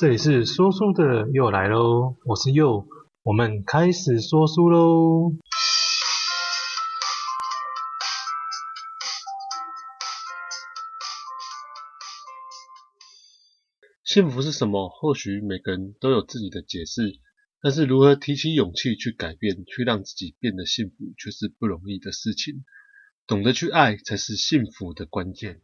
這裡是說書的又來嘍，我是佑，我們開始說書嘍。幸福是什麼？或許每個人都有自己的解釋，但是如何提起勇氣去改變，去讓自己變得幸福，卻是不容易的事情。懂得去愛，才是幸福的關鍵。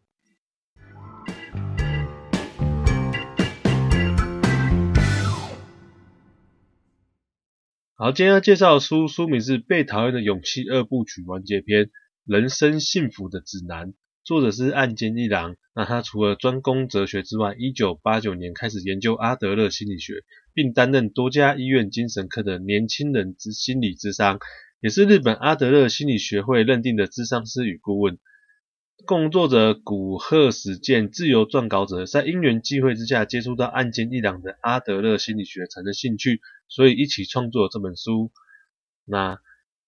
好，今天要介紹的書書名是《被討厭的勇氣二部曲完結篇：人生幸福的指南》，作者是岸見一郎。那他除了專攻哲學之外，一九八九年開始研究阿德勒心理學，並擔任多家醫院精神科的年輕人之心理諮商，也是日本阿德勒心理學會認定的諮商師與顧問。共作者古賀史健，自由撰稿者，在因緣際會之下接觸到岸見一郎的阿德勒心理學，產生興趣，所以一起創作了這本書。那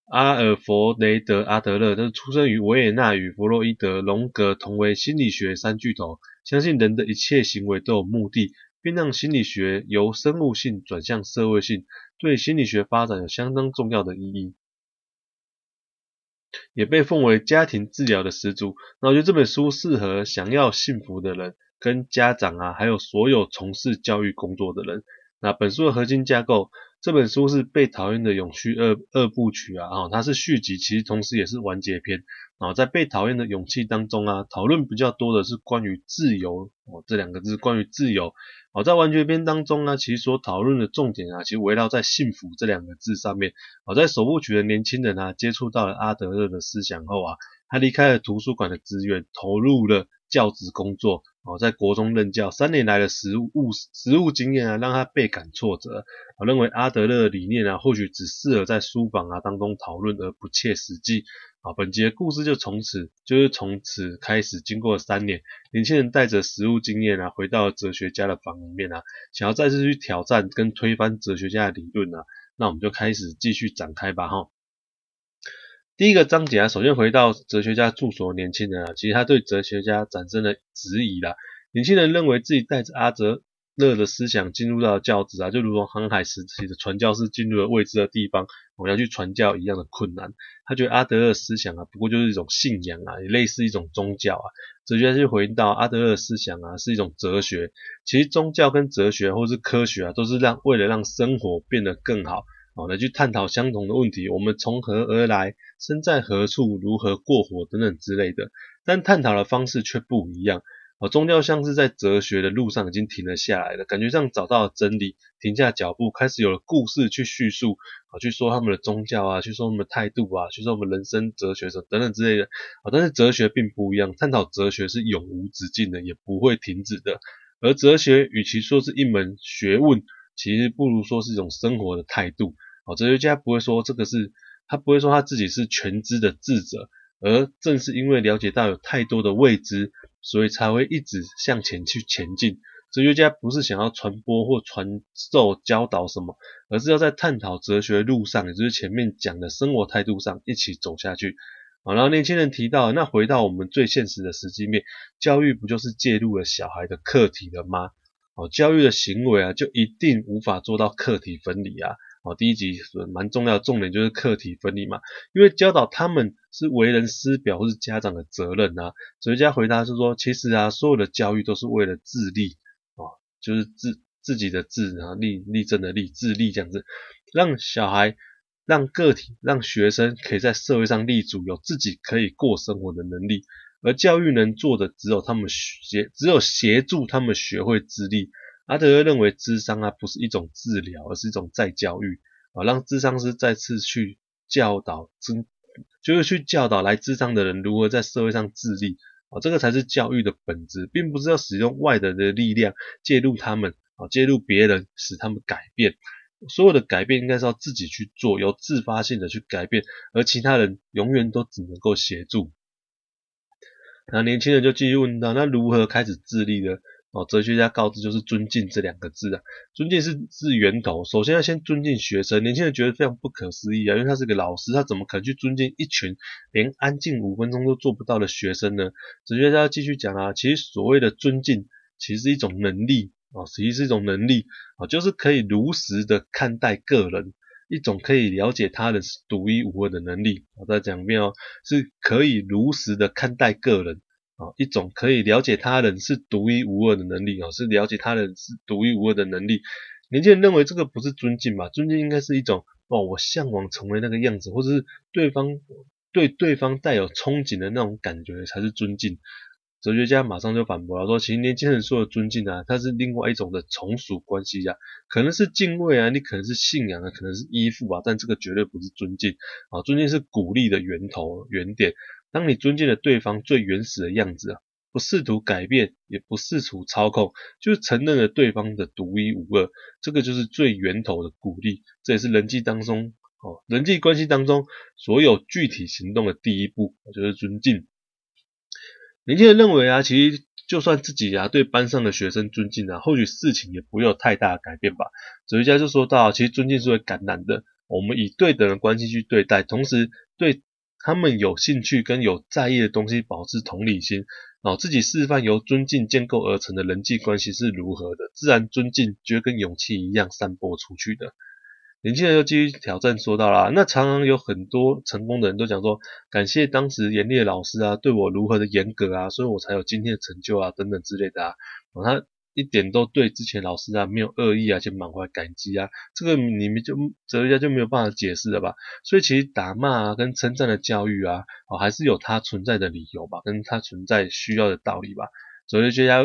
阿爾弗雷德阿德勒，他是出生於維也納，與弗洛伊德、榮格同為心理學三巨頭，相信人的一切行為都有目的，並讓心理學由生物性轉向社會性，對心理學發展有相當重要的意義。也被奉為家庭治療的始祖。那我覺得這本書適合想要幸福的人、跟家長啊，還有所有從事教育工作的人。那本書的核心架構。這本書是《被討厭的勇氣》二二部曲啊，它是續集，其實同時也是完結篇。在《被討厭的勇氣》當中啊，討論比較多的是關於“自由”哦這兩個字，關於自由。好，在完結篇當中呢，啊，其實所討論的重點啊，其實圍繞在“幸福”這兩個字上面。好，在首部曲的年輕人啊，接觸到了阿德勒的思想後啊，他離開了圖書館的資源，投入了。教職工作啊，在國中任教三年來的實務實務經驗啊，讓他倍感挫折。我認為阿德勒的理念啊，或許只適合在書房啊當中討論，而不切實際啊。本集的故事就從此就是從此開始，經過了三年，年輕人帶着實務經驗啊，回到哲學家的房裡面，啊，想要再次去挑戰跟推翻哲學家的理論呢，啊。那我們就開始繼續展開吧，哈。第一個章節啊，首先回到哲學家住所的年輕人啊，其實他對哲學家產生了質疑啦。年輕人認為自己帶着阿德勒的思想進入到教職啊，就如同航海時期的傳教士進入了未知的地方，我、嗯、要去傳教一樣的困難。他覺得阿德勒思想啊，不過就是一種信仰啊，也類似一種宗教啊。哲學家就回應到阿德勒思想啊，是一種哲學。其實宗教跟哲學或是科學啊，都是讓為了讓生活變得更好。好，來去探討相同的問題，我們從何而來，身在何處，如何過活等等之類的。但探討的方式卻不一樣。宗教像是在哲學的路上已經停了下來了，感覺上找到了真理，停下腳步，開始有了故事去敘述，去說他們的宗教啊，去說他們的態度啊，去說我們人生哲學什麼等等之類的。啊，但是哲學並不一樣，探討哲學是永無止境的，也不會停止的。而哲學與其說是一門學問，其實不如說是一種生活的態度。哲學家不會說這個是，他不會說他自己是全知的智者，而正是因為了解到有太多的未知，所以才會一直向前去前進。哲學家不是想要傳播或傳授教導什麼，而是要在探討哲學的路上，也就是前面講的生活態度上一起走下去。好，然後年輕人提到了，那回到我們最現實的實際面，教育不就是介入了小孩的課題了嗎？好，教育的行為啊，就一定無法做到課題分離啊。好，第一集蠻重要的，重點就是課題分離嘛。因為教導他們是為人師表或是家長的責任啊。哲學家回答是說，其實啊，所有的教育都是為了自立啊，就是自自己的自，然後立立正的立，自立這樣子，讓小孩、讓個體、讓學生可以在社會上立足，有自己可以過生活的能力。而教育能做的，只有他們學只有協助他們學會自立。阿德勒認為，諮商啊，不是一種治療，而是一種再教育啊，讓諮商師再次去教導，真就是去教導來諮商的人如何在社會上自立啊，這個才是教育的本質，並不是要使用外人的力量介入他們啊，介入別人使他們改變，所有的改變應該是要自己去做，由自發性的去改變，而其他人永遠都只能夠協助。那年輕人就繼續問道：「那如何開始自立呢？」哦，哲學家告知就是尊敬這兩個字啊，尊敬是是源頭，首先要先尊敬學生。年輕人覺得非常不可思議啊，因為他是一個老師，他怎麼可能去尊敬一群連安靜五分鐘都做不到的學生呢？哲學家繼續講啊，其實所謂的尊敬，其實是一種能力啊，哦、其實是一種能力啊、哦，就是可以如實的看待個人，一種可以了解他人獨一無二的能力。我再講一遍哦，是可以如實的看待個人。啊，一種可以了解他人是獨一無二的能力啊，是了解他人是獨一無二的能力。年輕人認為這個不是尊敬吧？尊敬應該是一種哦，我向往成為那個樣子，或者是對方對對方帶有憧憬的那種感覺才是尊敬。哲學家馬上就反駁了說，其實年輕人說的尊敬啊，它是另外一種的從屬關係啊，可能是敬畏啊，你可能是信仰啊，可能是依附啊，但這個絕對不是尊敬啊，尊敬是鼓勵的源頭，原點。當你尊敬了對方最原始的樣子啊，不試圖改變，也不試圖操控，就承認了對方的獨一無二。這個就是最源頭的鼓勵，這也是人際當中哦，人際關係當中所有具體行動的第一步，就是尊敬。年輕人認為啊，其實就算自己啊，對班上的學生尊敬啊，或許事情也不會有太大的改變吧。哲學家就說到，其實尊敬是會感染的，我們以對等的關係去對待，同時對。他們有興趣跟有在意的東西保持同理心、哦，自己示範由尊敬建構而成的人際關係是如何的，自然尊敬就跟勇氣一樣散播出去的。年輕人又繼續挑戰，說到啦，那常常有很多成功的人都講說，感謝當時嚴厲的老師啊，對我如何的嚴格啊，所以我才有今天的成就啊，等等之類的啊，然後，哦，他一點都對之前老師啊沒有惡意啊，且滿懷感激啊，這個你們就哲學家就沒有辦法解釋了吧？所以其實打罵啊跟稱讚的教育啊，哦，還是有它存在的理由吧，跟它存在需要的道理吧。哲學家，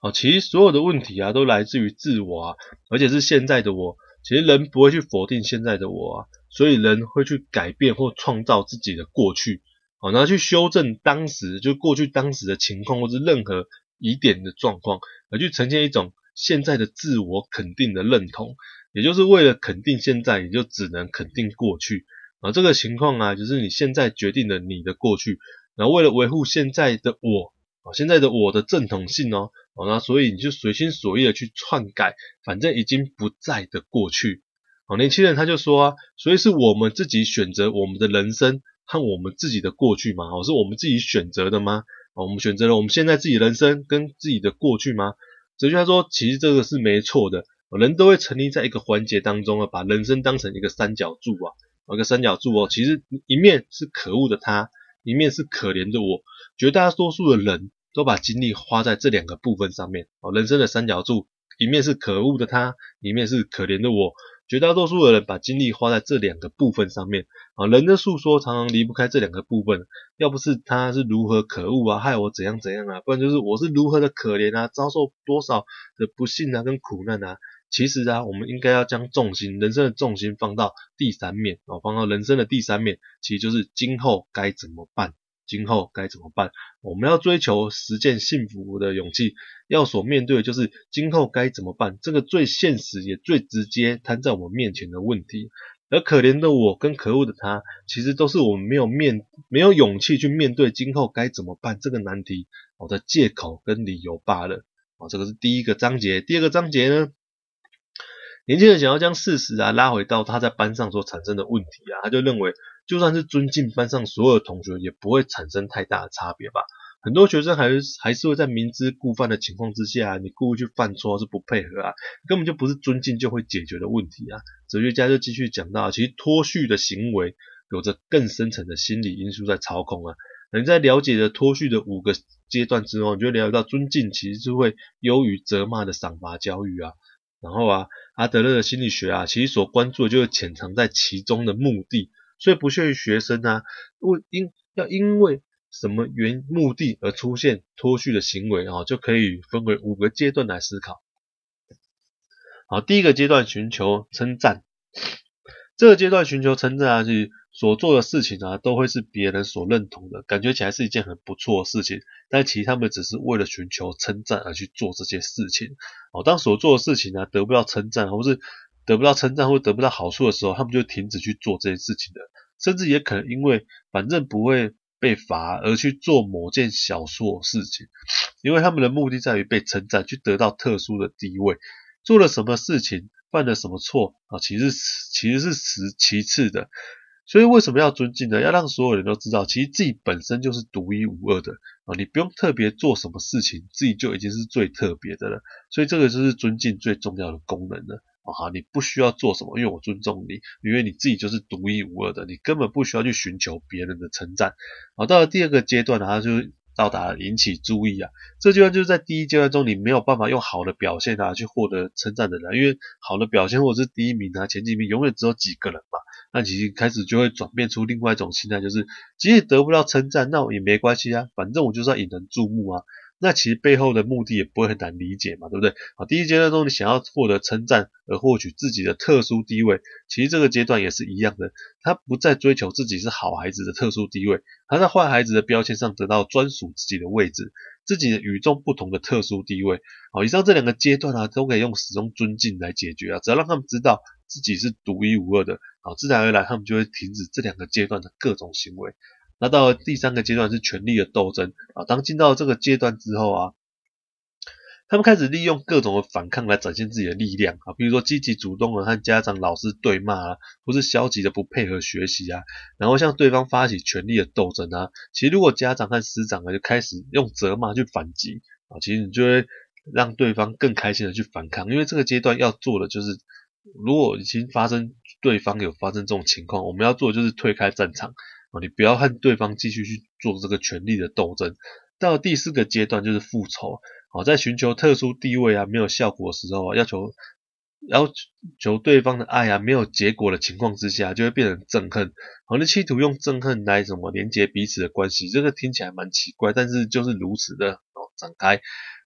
哦，其實所有的問題啊都來自於自我，啊，而且是現在的我。其實人不會去否定現在的我啊，所以人會去改變或創造自己的過去，哦，然後去修正當時就過去當時的情況或是任何。疑點的狀況，而去呈現一種現在的自我肯定的認同，也就是為了肯定現在，也就只能肯定過去啊。這個情況啊，就是你現在決定了你的過去，然後為了維護現在的我啊，現在的我的正統性哦，那、啊、所以你就隨心所欲的去篡改，反正已經不在的過去、啊、年輕人他就說啊，所以是我們自己選擇我們的人生和我們自己的過去嗎？哦、啊，是我們自己選擇的嗎？哦，我們選擇了我們現在自己人生跟自己的過去嗎？哲學家說，其實這個是沒錯的。人都會沉溺在一個環節當中啊，把人生當成一個三角柱啊，一個三角柱哦，其實一面是可惡的他，一面是可憐的我。絕大多數的人都把精力花在這兩個部分上面。哦，人生的三角柱，一面是可惡的他，一面是可憐的我。絕大多數的人把精力花在這兩個部分上面啊，人的訴說常常離不開這兩個部分，要不是他是如何可惡啊，害我怎樣怎樣啊，不然就是我是如何的可憐啊，遭受多少的不幸啊，跟苦難啊。其實啊，我們應該要將重心，人生的重心放到第三面啊，放到人生的第三面，其實就是今後該怎麼辦。今後該怎麼辦？我們要追求實踐幸福的勇氣，要所面對的就是今後該怎麼辦，這個最現實也最直接攤在我面前的問題。而可憐的我跟可惡的他，其實都是我們沒有面、沒有勇氣去面對今後該怎麼辦這個難題，我的借口跟理由罷了。哦，這個是第一個章節，第二個章節呢？年輕人想要將事實啊拉回到他在班上所產生的問題啊，他就認為就算是尊敬班上所有的同學，也不會產生太大的差別吧？很多學生還是還是會在明知故犯的情況之下，你故意去犯錯是不配合啊，根本就不是尊敬就會解決的問題啊！哲學家就繼續講到，其實脫序的行為有着更深層的心理因素在操控啊。你在了解了脫序的五個階段之後，你就會了解到尊敬其實是會優於責罵的賞罰教育啊。然後啊，阿德勒的心理學啊，其實所關注的就是潛藏在其中的目的，所以不限於學生啊，為因要因為什麼原因目的而出現脫序的行為啊，就可以分為五個階段來思考。好，第一個階段尋求稱讚。這個階段尋求稱讚啊，就是。所做的事情啊，都會是別人所認同的，感覺起來是一件很不錯的事情，但其實他們只是為了尋求稱讚而去做這些事情。哦，當所做的事情啊，得不到稱讚，或是得不到稱讚或得不到好處的時候，他們就停止去做這些事情了，甚至也可能因為反正不會被罰而去做某件小錯事情，因為他們的目的在於被稱讚，去得到特殊的地位。做了什麼事情，犯了什麼錯啊？其實其實是其次的。所以為什麼要尊敬呢？要讓所有人都知道，其實自己本身就是獨一無二的啊！你不用特別做什麼事情，自己就已經是最特別的了。所以這個就是尊敬最重要的功能了。啊！你不需要做什麼，因為我尊重你，因為你自己就是獨一無二的，你根本不需要去尋求別人的稱讚。到了第二個階段，它就到達引起注意啊！這階段就是在第一階段中，你沒有辦法用好的表現啊去獲得稱讚的人，因為好的表現或者是第一名啊、前幾名，永遠只有幾個人嘛。那其實開始就會轉變出另外一種心態，就是即使得不到稱讚，那我也沒關係啊，反正我就是要引人注目啊。那其實背後的目的也不會很難理解嘛，對不對？好，第一階段中你想要獲得稱讚而獲取自己的特殊地位，其實這個階段也是一樣的，他不再追求自己是好孩子的特殊地位，他在壞孩子的標籤上得到專屬自己的位置，自己與眾不同的特殊地位。好，以上這兩個階段啊，都可以用始終尊敬來解決啊，只要讓他們知道。自己是獨一無二的，好，自然而然他們就會停止這兩個階段的各種行為。那到了第三個階段是權力的鬥爭，啊，當進到這個階段之後啊，他們開始利用各種的反抗來展現自己的力量，啊，比如說積極主動的和家長、老師對罵啊，或是消極的不配合學習啊，然後向對方發起權力的鬥爭啊。其實如果家長和師長呢，就開始用責罵去反擊，啊，其實你就會讓對方更開心的去反抗，因為這個階段要做的就是。如果已經發生，對方有發生這種情況，我們要做的就是退開戰場啊、哦，你不要和對方繼續去做這個權力的鬥爭。到第四個階段就是復仇，好、哦，在尋求特殊地位啊沒有效果的時候啊，要求要求對方的愛啊沒有結果的情況之下，就會變成憎恨。好、哦，那企圖用憎恨來什麼連接彼此的關係，這個聽起來蠻奇怪，但是就是如此的哦，展開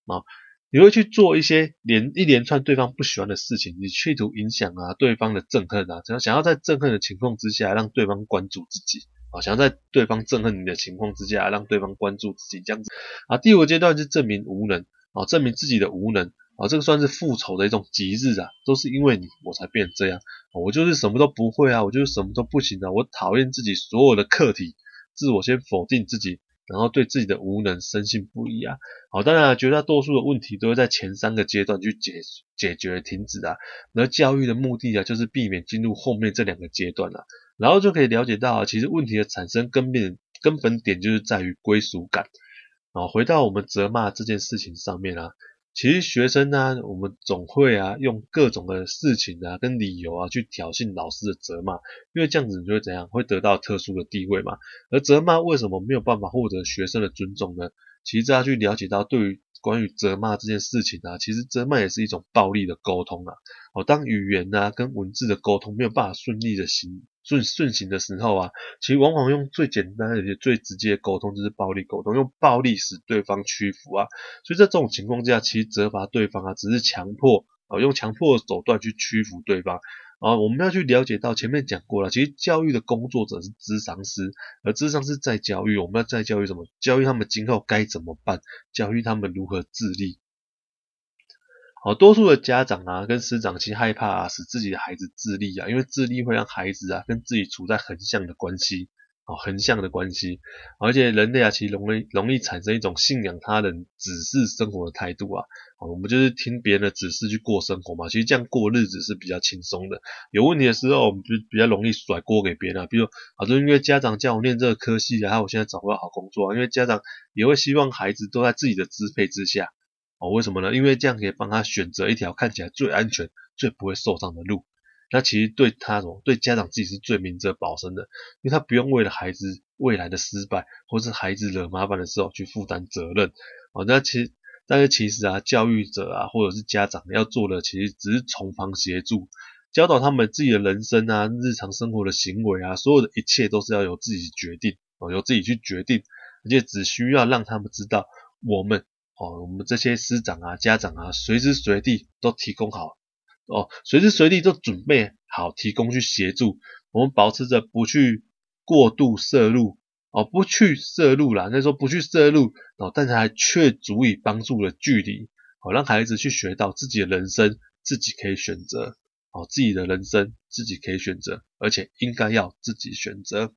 啊。哦你會去做一些連一連串對方不喜歡的事情，你企圖影響啊，對方的憎恨啊，只要想要在憎恨的情況之下讓對方關注自己啊，想要在對方憎恨你的情況之下讓對方關注自己這樣子啊。第五階段是證明無能啊，證明自己的無能啊，這個算是復仇的一種極致啊，都是因為你我才變這樣，我就是什麼都不會啊，我就是什麼都不行啊，我討厭自己所有的課題，自我先否定自己。然後對自己的無能深信不疑啊，好，當然啊，絕大多數的問題都會在前三個階段去解解決停止啊，而教育的目的啊，就是避免進入後面這兩個階段啊，然後就可以了解到啊，其實問題的產生根本根本點就是在於歸屬感。好，回到我們責罵這件事情上面啊。其實學生呢、啊，我們總會啊用各種的事情啊跟理由啊去挑釁老師的責罵，因為這樣子你就會怎樣，會得到特殊的地位嘛。而責罵為什麼沒有辦法獲得學生的尊重呢？其實大家去了解到，對於關於責罵這件事情啊，其實責罵也是一種暴力的溝通啊。哦，當語言啊跟文字的溝通沒有辦法順利的行。順順行的時候啊，其實往往，用最簡單的，也最直接的溝通就是暴力溝通，用暴力使對方屈服啊。所以在這種情況下，其實責罰對方啊，只是強迫啊，用強迫的手段去屈服對方啊。我們要去了解到，前面講過了，其實教育的工作者是諮商師，而諮商師在教育，我們要在教育什麼？教育他們今後該怎麼辦？教育他們如何自立？哦，多數的家長啊，跟師長其實害怕啊，使自己的孩子自立啊，因為自立會讓孩子啊，跟自己處在橫向的關係，哦，橫向的關係，哦、而且人類啊，其實容易容易產生一種信仰他人指示生活的態度啊、哦，我們就是聽別人的指示去過生活嘛，其實這樣過日子是比較輕鬆的，有問題的時候，我們就比較容易甩鍋給別人，啊，比如好多、哦、因為家長叫我念這個科系啊，還有我現在找不到好工作、啊，因為家長也會希望孩子都在自己的支配之下。哦，為什麼呢？因為這樣可以幫他選擇一條看起來最安全、最不會受傷的路。那其實對他什麼，對家長自己是最明哲保身的，因為他不用為了孩子未來的失敗，或是孩子惹麻煩的時候去負擔責任。哦，那其實，但是其實啊，教育者啊，或者是家長要做的，其實只是從旁協助，教導他們自己的人生啊、日常生活的行為啊，所有的一切都是要由自己決定哦，由自己去決定，而且只需要讓他們知道我們。哦，我們這些師長啊、家長啊，隨時隨地都提供好，哦，隨時隨地都準備好提供去協助。我們保持着不去過度涉入，哦，不去涉入啦。那時候不去涉入，哦，但是還卻足以幫助了距離，哦，讓孩子去學到自己的人生自己可以選擇，哦，自己的人生自己可以選擇，而且應該要自己選擇。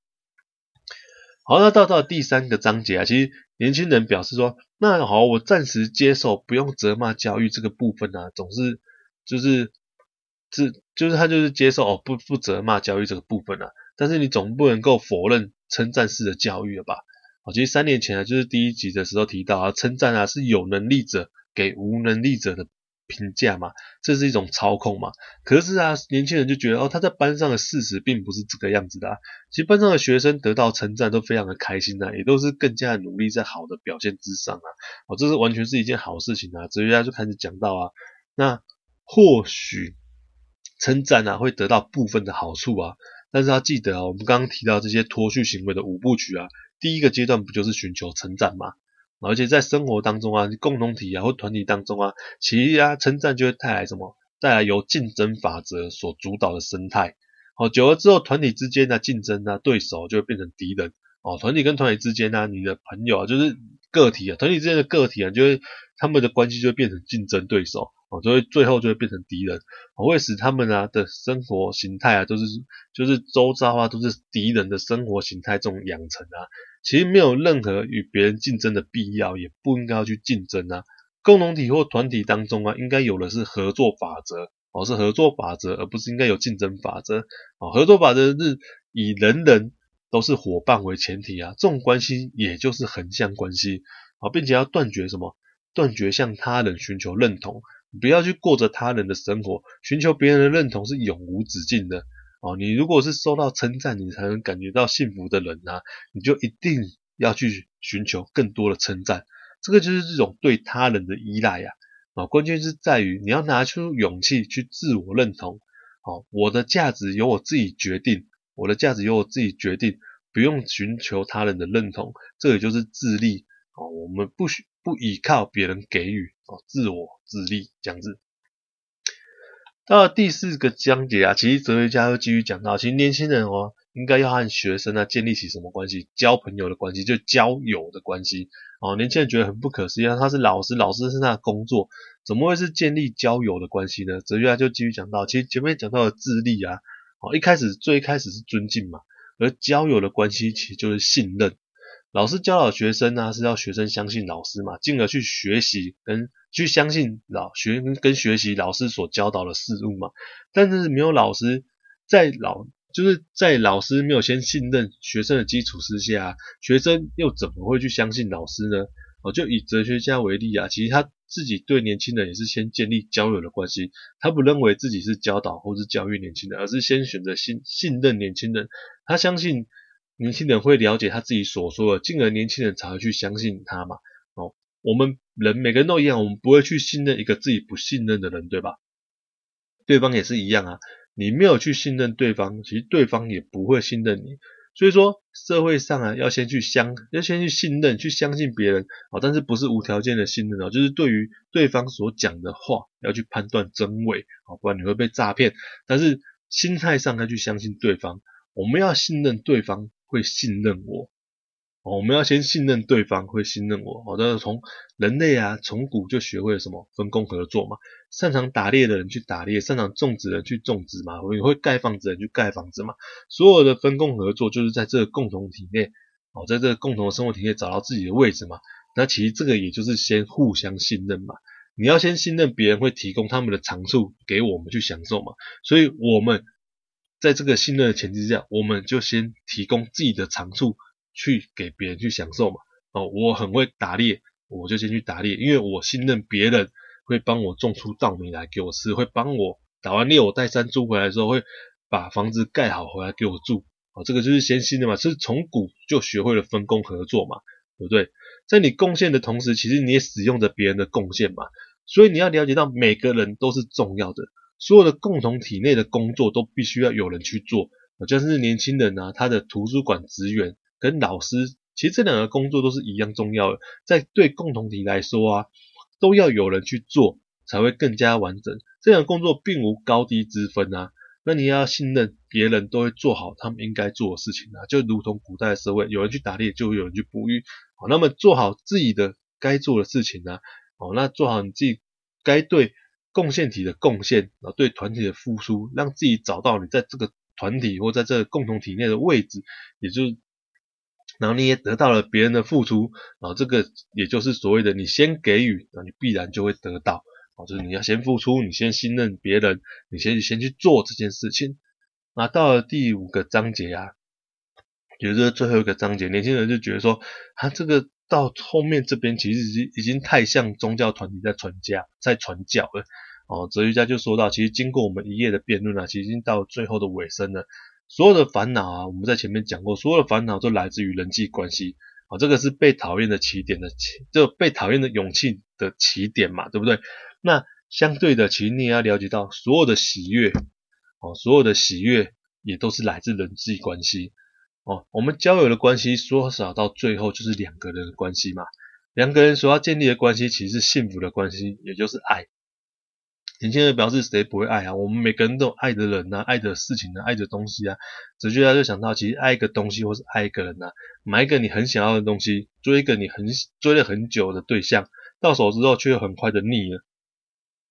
好，那到到第三個章節啊，其實年輕人表示說，那好，我暫時接受不用責罵教育這個部分呢、啊，總是就是這就是他就是接受哦，不不責罵教育這個部分了、啊，但是你總不能夠否認稱讚式的教育了吧？好，其實三年前啊，就是第一集的時候提到啊，稱讚啊是有能力者給無能力者的。評價嘛，這是一種操控嘛。可是啊，年輕人就覺得哦，他在班上的事實並不是這個樣子的啊。其實班上的學生得到稱讚都非常的開心啊，也都是更加的努力在好的表現之上啊。哦，這是完全是一件好事情啊。哲學家就開始講到啊，那或許稱讚啊會得到部分的好處啊，但是要、啊、記得啊，我們剛剛提到這些脫序行為的五部曲啊，第一個階段不就是尋求稱讚嗎？而且在生活當中啊，共同體啊或團體當中啊，其實啊稱讚就會帶來什麼？帶來由競爭法則所主導的生態。好、哦，久了之後，團體之間的競爭啊，對手就會變成敵人。哦，團體跟團體之間呢、啊，你的朋友啊，就是個體啊，團體之間的個體啊，就會、是、他們的關係就會變成競爭對手。哦，所以最後就會變成敵人、哦，會使他們啊的生活形態啊，就是就是周遭啊都是敵人的生活形態這種養成啊。其實沒有任何與別人競爭的必要，也不應該要去競爭啊！共同體或團體當中啊，應該有的是合作法則，哦，是合作法則，而不是應該有競爭法則，啊，哦，合作法則是以人人都是夥伴為前提啊，這種關係也就是橫向關係啊，哦，並且要斷絕什麼？斷絕向他人尋求認同，不要去過着他人的生活，尋求別人的認同是永無止境的。哦，你如果是受到稱讚，你才能感覺到幸福的人呢、啊，你就一定要去尋求更多的稱讚。這個就是這種對他人的依賴呀、啊。啊、哦，關鍵是在於你要拿出勇氣去自我認同。哦，我的價值由我自己決定，我的價值由我自己決定，決定不用尋求他人的認同。這也就是自立。哦，我們不需不依靠別人給予。哦，自我自立，這樣子。到了第四個章節啊，其實哲學家又繼續講到，其實年輕人哦，應該要和學生啊建立起什麼關係？交朋友的關係，就交友的關係。哦，年輕人覺得很不可思議，他是老師，老師是他的工作，怎麼會是建立交友的關係呢？哲學家就繼續講到，其實前面講到的自立啊，哦，一開始最開始是尊敬嘛，而交友的關係其實就是信任，老師教導學生啊，是要學生相信老師嘛，進而去學習跟。去相信老學跟學習老師所教導的事物嘛，但是沒有老師在老，就是在老師沒有先信任學生的基礎之下，啊，學生又怎麼會去相信老師呢？哦，就以哲學家為例啊，其實他自己對年輕人也是先建立交友的關係，他不認為自己是教導或是教育年輕人，而是先選擇信信任年輕人，他相信年輕人會了解他自己所說的，進而年輕人才會去相信他嘛。哦，我們。人每個人都一樣，我們不會去信任一個自己不信任的人，對吧？對方也是一樣啊，你沒有去信任對方，其實對方也不會信任你。所以說，社會上啊，要先去相，要先去信任，去相信別人啊。但是不是無條件的信任啊？就是對於對方所講的話，要去判斷真偽啊，不然你會被詐騙。但是心態上要去相信對方，我們要信任對方，會信任我。哦，我們要先信任對方，會信任我。哦，那從人類啊，從古就學會了什麼分工合作嘛。擅長打獵的人去打獵，擅長種植的人去種植嘛。我們也會蓋房子的人去蓋房子嘛。所有的分工合作就是在這個共同體內，哦，在這個共同的生活體內找到自己的位置嘛。那其實這個也就是先互相信任嘛。你要先信任別人會提供他們的長處給我們去享受嘛。所以我們在這個信任的前提下，我們就先提供自己的長處。去給別人去享受嘛，哦，我很會打獵，我就先去打獵，因為我信任別人會幫我種出稻米來給我吃，會幫我打完獵我，我帶山豬回來之後會把房子蓋好回來給我住，哦，這個就是先信任嘛，是從古就學會了分工合作嘛，對不對？在你貢獻的同時，其實你也使用着別人的貢獻嘛，所以你要了解到每個人都是重要的，所有的共同體內的工作都必須要有人去做，就算是年輕人啊，他的圖書館職員。跟老師，其實這兩個工作都是一樣重要的，在對共同體來說啊，都要有人去做，才會更加完整。這兩個工作並無高低之分啊。那你要信任別人，都會做好他們應該做的事情啊。就如同古代社會，有人去打獵，就有人去捕魚。好，那麼做好自己的該做的事情呢、啊？好，那做好你自己該對共同體的貢獻，啊，對團體的付出，讓自己找到你在這個團體或在這個共同體內的位置，也就是。然後你也得到了別人的付出，然後這個也就是所謂的你先給予，那你必然就會得到，哦，就是你要先付出，你先信任別人，你先你先去做這件事情。那到了第五個章節啊，也就是最後一個章節，年輕人就覺得說，他、啊、這個到後面這邊其實已經已經太像宗教團體在傳家、在傳教了。哦，哲學家就說到，其實經過我們一夜的辯論啊，其實已經到了最後的尾聲了。所有的煩惱啊，我們在前面講過，所有的煩惱都來自於人際關係啊，哦，這個是被討厭的起點的起，就被討厭的勇氣的起點嘛，對不對？那相對的，其實你也要了解到，所有的喜悅哦，所有的喜悅也都是來自人際關係哦，我們交友的關係縮小到最後就是兩個人的關係嘛，兩個人所要建立的關係，其實是幸福的關係，也就是愛。年輕人表示誰不會愛啊？我們每個人都有愛的人吶、啊，愛的事情啊，愛的東西啊。子爵他就想到，其實愛一個東西或是愛一個人吶、啊，買一個你很想要的東西，追一個你很追了很久的對象，到手之後卻很快的膩了。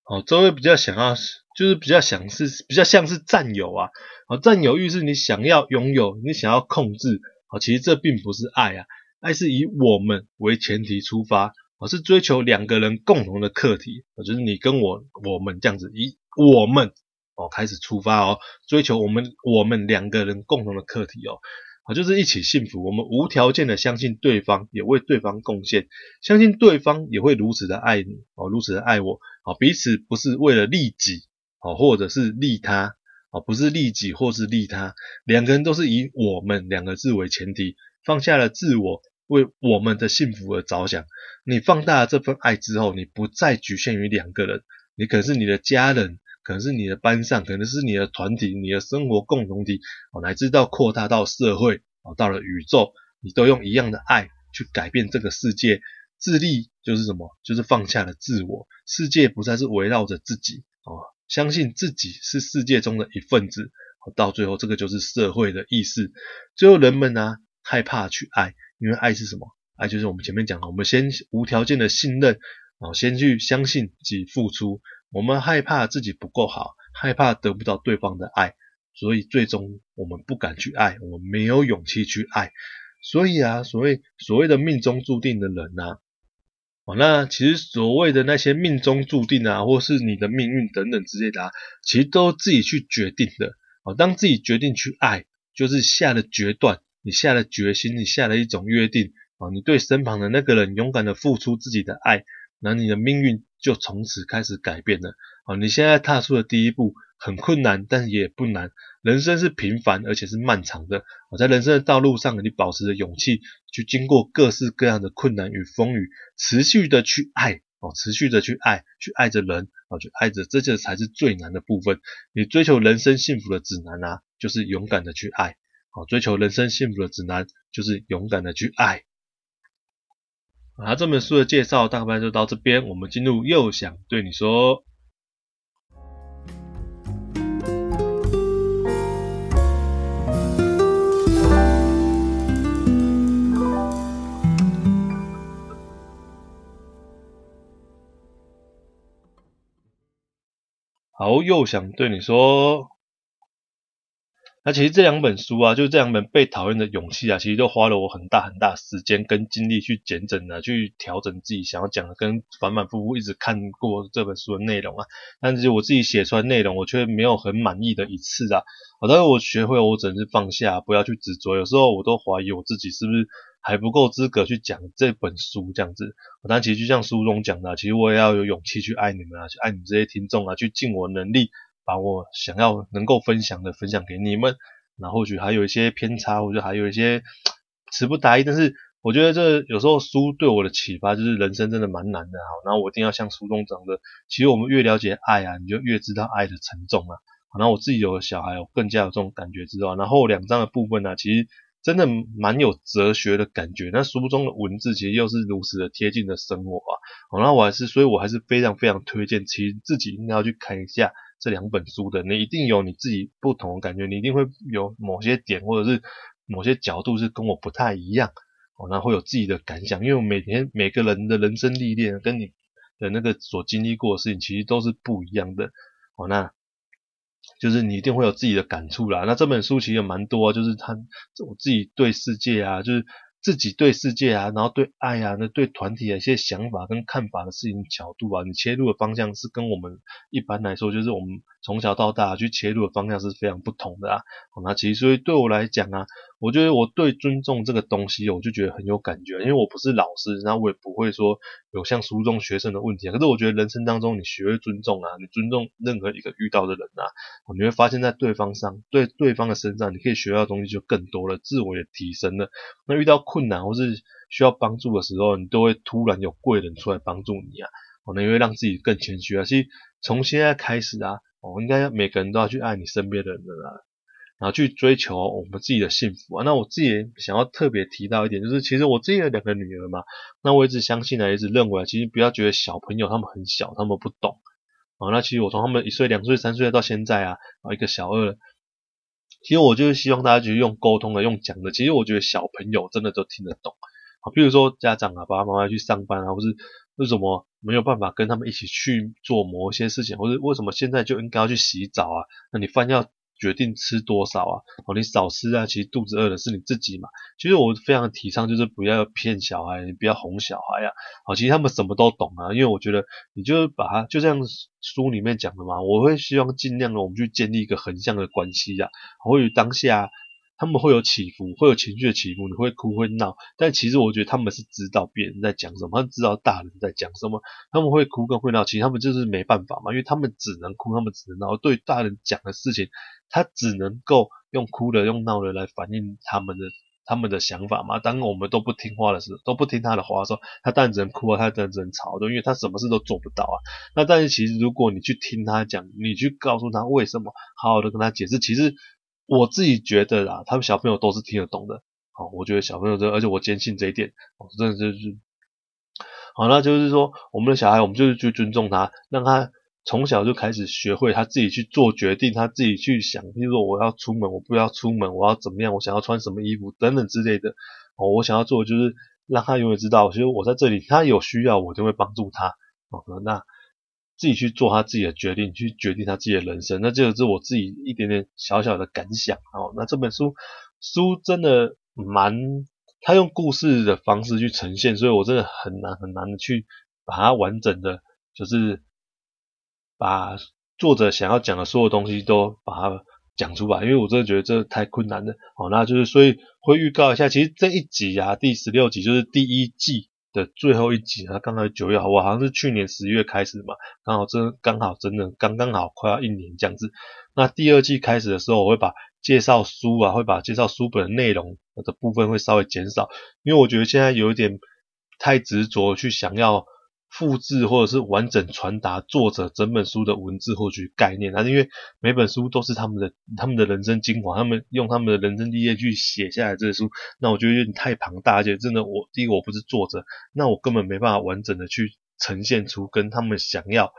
好，這會比較想要，就是比較想是，比較像是占有啊。好，占有欲是你想要擁有，你想要控制。好，其實這並不是愛啊，愛是以我們為前提出發。我是追求兩個人共同的課題，就是你跟我，我們這樣子以我們哦開始出發哦，追求我們我們兩個人共同的課題哦，啊、哦、就是一起幸福，我們無條件的相信對方，也為對方貢獻，相信對方也會如此的愛你哦，如此的愛我啊、哦，彼此不是為了利己哦，或者是利他哦，不是利己或是利他，兩個人都是以我們兩個字為前提，放下了自我。為我們的幸福而着想，你放大了這份愛之後，你不再局限於兩個人，你可能是你的家人，可能是你的班上，可能是你的團體、你的生活共同體，乃至到擴大到社會，到了宇宙，你都用一樣的愛去改變這個世界。自立就是什麼？就是放下了自我，世界不再是圍繞着自己，哦，相信自己是世界中的一份子，到最後，這個就是社會的意識。最後，人們呢，啊，害怕去愛。因為愛是什麼？愛就是我們前面講的，我們先無條件的信任，然後先去相信及付出。我們害怕自己不夠好，害怕得不到對方的愛，所以最終我們不敢去愛，我們沒有勇氣去愛。所以啊，所謂所謂的命中注定的人吶，哦，那其實所謂的那些命中注定啊，或是你的命運等等之類的，啊，其實都自己去決定的。哦，當自己決定去愛，就是下了決斷。你下了決心，你下了一種約定啊，你對身旁的那個人勇敢的付出自己的愛，那你的命運就從此開始改變了啊。你現在踏出的第一步很困難，但是也不難。人生是平凡而且是漫長的，我在人生的道路上，你保持着勇氣，去經過各式各樣的困難與風雨，持續的去愛哦，持續的去愛，去愛着人，去愛着，這才是最難的部分。你追求人生幸福的指南啊，就是勇敢的去愛。好，追求人生幸福的指南就是勇敢的去愛。好，啊，這本書的介紹大概就到這邊，我們進入佑想對你說。好，佑想對你說。那、啊、其實這兩本書啊，就是這兩本被討厭的勇氣啊，其實都花了我很大很大時間跟精力去剪輯的，去調整自己想要講的、啊，跟反反复覆一直看過這本書的內容啊，但是我自己寫出來內容，我卻沒有很滿意的一次啊。好、啊，但是我學會了，我只能是放下、啊，不要去執着。有時候我都懷疑我自己是不是還不夠資格去講這本書這樣子。啊、但其實就像書中講的、啊，其實我也要有勇氣去愛你們啊，去愛你們這些聽眾啊，去盡我的能力。把我想要能夠分享的分享給你們，那或許還有一些偏差，我覺得還有一些詞不達意，但是我覺得這有時候書對我的啟發就是人生真的蠻難的，哈，然後我一定要像書中講的，其實我們越了解愛啊，你就越知道愛的沉重啊，然後我自己有了小孩，我更加有這種感覺，知道，然後兩章的部分呢，啊，其實真的蠻有哲學的感覺，那書中的文字其實又是如此的貼近的生活啊，然後我還是，所以我還是非常非常推薦，其實自己應該要去看一下。這兩本書的，你一定有你自己不同的感覺，你一定會有某些點或者是某些角度是跟我不太一樣哦，那會有自己的感想，因為每天每個人的人生歷練跟你的那個所經歷過的事情其實都是不一樣的哦，那就是你一定會有自己的感觸啦。那這本書其實有蠻多啊，就是他我自己對世界啊，就是。自己對世界啊，然後對愛啊，那對團體的一些想法跟看法的事情角度啊，你切入的方向是跟我們一般來說，就是我們從小到大去切入的方向是非常不同的啊。那、啊、其實，所以對我來講啊。我覺得我對尊重這個東西，我就覺得很有感覺，因為我不是老師，那我也不會說有像書中學生的問題，可是我覺得人生當中，你學會尊重啊，你尊重任何一個遇到的人啊，你會發現在對方上，對對方的身上，你可以學到的東西就更多了，自我也提升了。那遇到困難或是需要幫助的時候，你都會突然有貴人出來幫助你啊。哦，你會讓自己更謙虛啊。所以從現在開始啊，我應該要每個人都要去愛你身邊的人啊。然後去追求我們自己的幸福啊！那我自己想要特別提到一點，就是其實我自己有兩個女兒嘛，那我一直相信啊，也一直認為啊，其實不要覺得小朋友他們很小，他們不懂啊。那其實我從他們一歲、兩歲、三歲到現在啊，一個小二，其實我就是希望大家就是用溝通的、用講的，其實我覺得小朋友真的都聽得懂啊。比如說家長啊，爸爸媽媽去上班啊，或是為什麼沒有辦法跟他們一起去做某些事情，或是為什麼現在就應該要去洗澡啊？那你飯要。決定吃多少啊？好，你少吃啊，其實肚子餓的是你自己嘛。其實我非常提倡，就是不要騙小孩，不要哄小孩呀、啊。好，其實他們什麼都懂啊，因為我覺得你就是把它就像書裡面講的嘛。我會希望盡量的，我們去建立一個橫向的關係呀、啊。或許當下他們會有起伏，會有情緒的起伏，你會哭會鬧，但其實我覺得他們是知道別人在講什麼，他們知道大人在講什麼，他們會哭跟會鬧，其實他們就是沒辦法嘛，因為他們只能哭，他們只能鬧，對大人講的事情。他只能夠用哭的、用鬧的來反映他們的、他們的想法嘛。當我們都不聽話的時候，都不聽他的話的時候，他當然只能哭啊，他當然只能吵的，因為他什麼事都做不到啊。那但是其實如果你去聽他講，你去告訴他為什麼，好好的跟他解釋，其實我自己覺得啊，他們小朋友都是聽得懂的。好、哦，我覺得小朋友這，而且我堅信這一點，哦、真的、就是好。那就是說，我們的小孩，我們就是去尊重他，讓他。從小就開始學會他自己去做決定，他自己去想，例如說我要出門，我不要出門，我要怎麼樣，我想要穿什麼衣服等等之類的。哦，我想要做的就是讓他永遠知道，其實我在這裡，他有需要我就會幫助他。哦，那自己去做他自己的決定，去決定他自己的人生。那這個是我自己一點點小小的感想。哦，那這本書書真的蠻，他用故事的方式去呈現，所以我真的很難很難的去把它完整的，就是。把作者想要講的所有東西都把它講出來，因為我真的覺得這太困難了。好，那就是所以會預告一下，其實這一集啊，第十六集就是第一季的最後一集啊，剛好九月，我好像是去年十月開始嘛，剛好真剛好真的剛剛好快要一年這樣子。那第二季開始的時候，我會把介紹書啊，會把介紹書本的內容的部分會稍微減少，因為我覺得現在有一點太執着去想要。複製或者是完整傳達作者整本書的文字或許概念，但是因為每本書都是他們的，他們的人生精華，他們用他們的人生歷練去寫下來這些書，那我覺得有點太龐大，而且真的我，我第一個我不是作者，那我根本沒辦法完整的去呈現出跟他們想要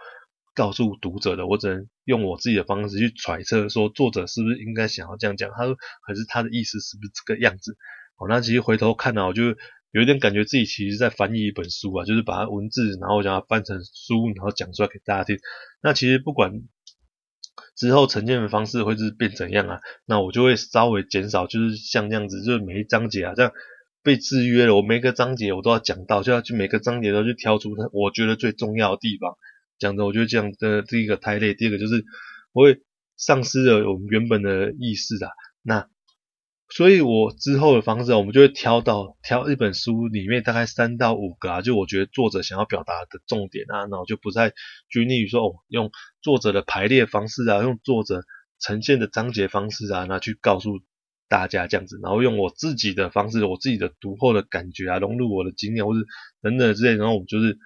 告訴讀者的，我只能用我自己的方式去揣測，說作者是不是應該想要這樣講，他說，可是他的意思是不是這個樣子？哦，那其實回頭看呢，我就。有一點感覺自己其實在翻譯一本書啊,就是把它文字，然後我想要翻成書，然後講出來給大家聽。那其實不管之後呈現的方式會是變怎樣啊，那我就會稍微減少，就是像這樣子，就是每一章節啊，這樣被制約了。我每一個章節我都要講到，就要去每個章節都去挑出它，我覺得最重要的地方講的。我覺得這樣，呃，第一個太累，第二個就是我會喪失了我們原本的意識啊。那所以我之後的方式啊，我們就會挑到挑一本書裡面大概三到五個啊，就我覺得作者想要表達的重點啊，然後就不再拘泥於說哦，用作者的排列方式啊，用作者呈現的章節方式啊，那去告訴大家這樣子，然後用我自己的方式，我自己的讀後的感覺啊，融入我的經驗或者等等之類的，然後我們就是。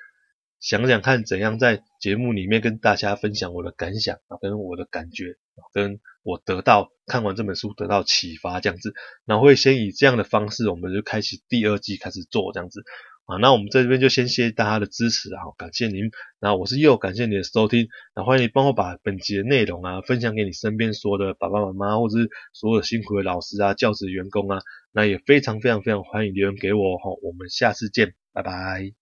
想想看，怎樣在節目裡面跟大家分享我的感想啊，跟我的感覺，跟我得到看完這本書得到啟發，這樣子，然後會先以這樣的方式，我們就開啟第二季開始做這樣子啊。那我們在這邊就先謝謝大家的支持啊，感謝您。然後我是佑，感謝你的收聽，然後歡迎你幫我把本集的內容啊分享給你身邊所有的爸爸媽媽或者是所有辛苦的老師啊、教職員工啊，那也非常非常非常歡迎留言給我哈。我們下次見，拜拜。